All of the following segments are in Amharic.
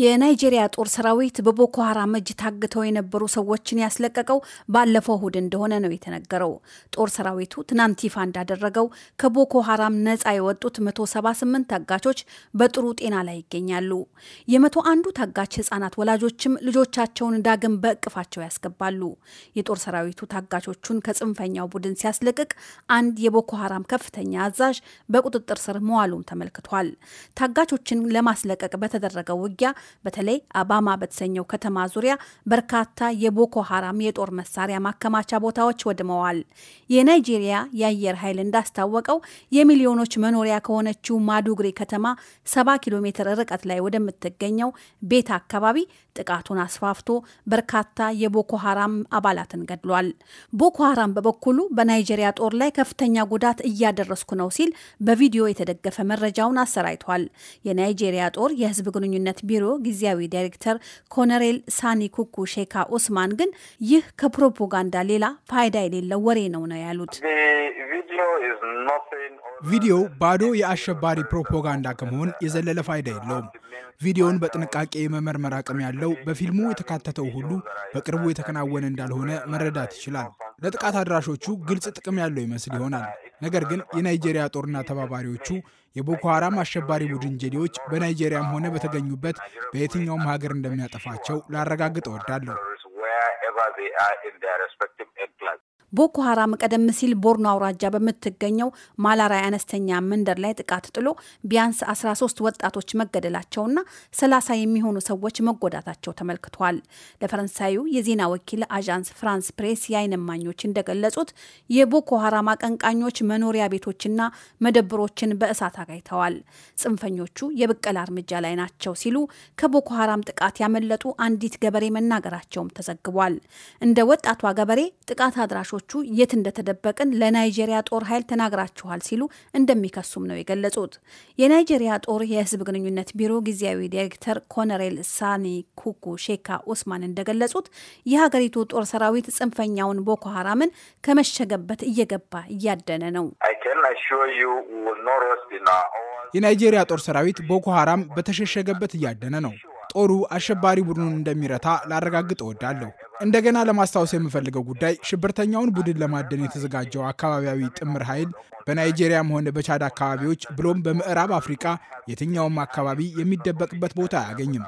የናይጄሪያ ጦር ሰራዊት በቦኮ ሀራም እጅ ታግተው የነበሩ ሰዎችን ያስለቀቀው ባለፈው እሁድ እንደሆነ ነው የተነገረው። ጦር ሰራዊቱ ትናንት ይፋ እንዳደረገው ከቦኮ ሀራም ነፃ የወጡት 178 ታጋቾች በጥሩ ጤና ላይ ይገኛሉ። የመቶ አንዱ ታጋች ህጻናት ወላጆችም ልጆቻቸውን ዳግም በእቅፋቸው ያስገባሉ። የጦር ሰራዊቱ ታጋቾቹን ከጽንፈኛው ቡድን ሲያስለቅቅ አንድ የቦኮ ሀራም ከፍተኛ አዛዥ በቁጥጥር ስር መዋሉም ተመልክቷል። ታጋቾችን ለማስለቀቅ በተደረገው ውጊያ በተለይ አባማ በተሰኘው ከተማ ዙሪያ በርካታ የቦኮ ሀራም የጦር መሳሪያ ማከማቻ ቦታዎች ወድመዋል። የናይጄሪያ የአየር ኃይል እንዳስታወቀው የሚሊዮኖች መኖሪያ ከሆነችው ማዱግሪ ከተማ 70 ኪሎ ሜትር ርቀት ላይ ወደምትገኘው ቤት አካባቢ ጥቃቱን አስፋፍቶ በርካታ የቦኮ ሀራም አባላትን ገድሏል። ቦኮ ሀራም በበኩሉ በናይጄሪያ ጦር ላይ ከፍተኛ ጉዳት እያደረስኩ ነው ሲል በቪዲዮ የተደገፈ መረጃውን አሰራይቷል። የናይጄሪያ ጦር የህዝብ ግንኙነት ቢሮ ጊዜያዊ ዳይሬክተር ኮነሬል ሳኒ ኩኩ ሼካ ኦስማን ግን ይህ ከፕሮፓጋንዳ ሌላ ፋይዳ የሌለው ወሬ ነው ነው ያሉት። ቪዲዮ ባዶ የአሸባሪ ፕሮፓጋንዳ ከመሆን የዘለለ ፋይዳ የለውም። ቪዲዮውን በጥንቃቄ የመመርመር አቅም ያለው በፊልሙ የተካተተው ሁሉ በቅርቡ የተከናወነ እንዳልሆነ መረዳት ይችላል። ለጥቃት አድራሾቹ ግልጽ ጥቅም ያለው ይመስል ይሆናል። ነገር ግን የናይጄሪያ ጦርና ተባባሪዎቹ የቦኮ ሀራም አሸባሪ ቡድን ጀሌዎች በናይጄሪያም ሆነ በተገኙበት በየትኛውም ሀገር እንደሚያጠፋቸው ላረጋግጥ እወዳለሁ። ቦኮ ሀራም ቀደም ሲል ቦርኖ አውራጃ በምትገኘው ማላራ አነስተኛ መንደር ላይ ጥቃት ጥሎ ቢያንስ 13 ወጣቶች መገደላቸውና 30 የሚሆኑ ሰዎች መጎዳታቸው ተመልክቷል። ለፈረንሳዩ የዜና ወኪል አዣንስ ፍራንስ ፕሬስ የዓይን እማኞች እንደገለጹት የቦኮ ሀራም አቀንቃኞች መኖሪያ ቤቶችና መደብሮችን በእሳት አጋይተዋል። ጽንፈኞቹ የብቀላ እርምጃ ላይ ናቸው ሲሉ ከቦኮ ሀራም ጥቃት ያመለጡ አንዲት ገበሬ መናገራቸውም ተዘግቧል። እንደ ወጣቷ ገበሬ ጥቃት አድራሾች ጀግኖቹ የት እንደተደበቅን ለናይጄሪያ ጦር ኃይል ተናግራችኋል ሲሉ እንደሚከሱም ነው የገለጹት። የናይጄሪያ ጦር የህዝብ ግንኙነት ቢሮ ጊዜያዊ ዳይሬክተር ኮነሬል ሳኒ ኩኩ ሼካ ኦስማን እንደገለጹት የሀገሪቱ ጦር ሰራዊት ጽንፈኛውን ቦኮ ሀራምን ከመሸገበት እየገባ እያደነ ነው። የናይጄሪያ ጦር ሰራዊት ቦኮ ሀራም በተሸሸገበት እያደነ ነው። ጦሩ አሸባሪ ቡድኑን እንደሚረታ ላረጋግጥ እወዳለሁ። እንደገና ለማስታወስ የምፈልገው ጉዳይ ሽብርተኛውን ቡድን ለማደን የተዘጋጀው አካባቢያዊ ጥምር ኃይል በናይጄሪያም ሆነ በቻድ አካባቢዎች ብሎም በምዕራብ አፍሪካ የትኛውም አካባቢ የሚደበቅበት ቦታ አያገኝም።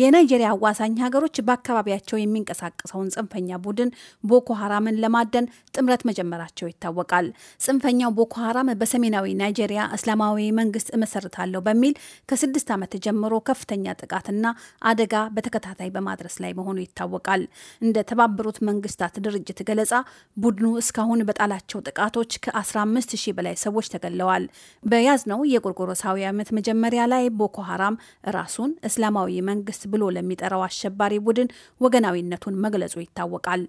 የናይጄሪያ አዋሳኝ ሀገሮች በአካባቢያቸው የሚንቀሳቀሰውን ጽንፈኛ ቡድን ቦኮ ሀራምን ለማደን ጥምረት መጀመራቸው ይታወቃል። ጽንፈኛው ቦኮ ሀራም በሰሜናዊ ናይጄሪያ እስላማዊ መንግስት እመሰርታለሁ በሚል ከስድስት ዓመት ጀምሮ ከፍተኛ ጥቃትና አደጋ በተከታታይ በማድረስ ላይ መሆኑ ይታወቃል። እንደ ተባበሩት መንግስታት ድርጅት ገለጻ ቡድኑ እስካሁን በጣላቸው ጥቃቶች ከ15 ሺህ በላይ ሰዎች ተገለዋል። በያዝነው የጎርጎሮሳዊ ዓመት መጀመሪያ ላይ ቦኮ ሀራም ራሱን እስላማዊ መንግስት ብሎ ለሚጠራው አሸባሪ ቡድን ወገናዊነቱን መግለጹ ይታወቃል።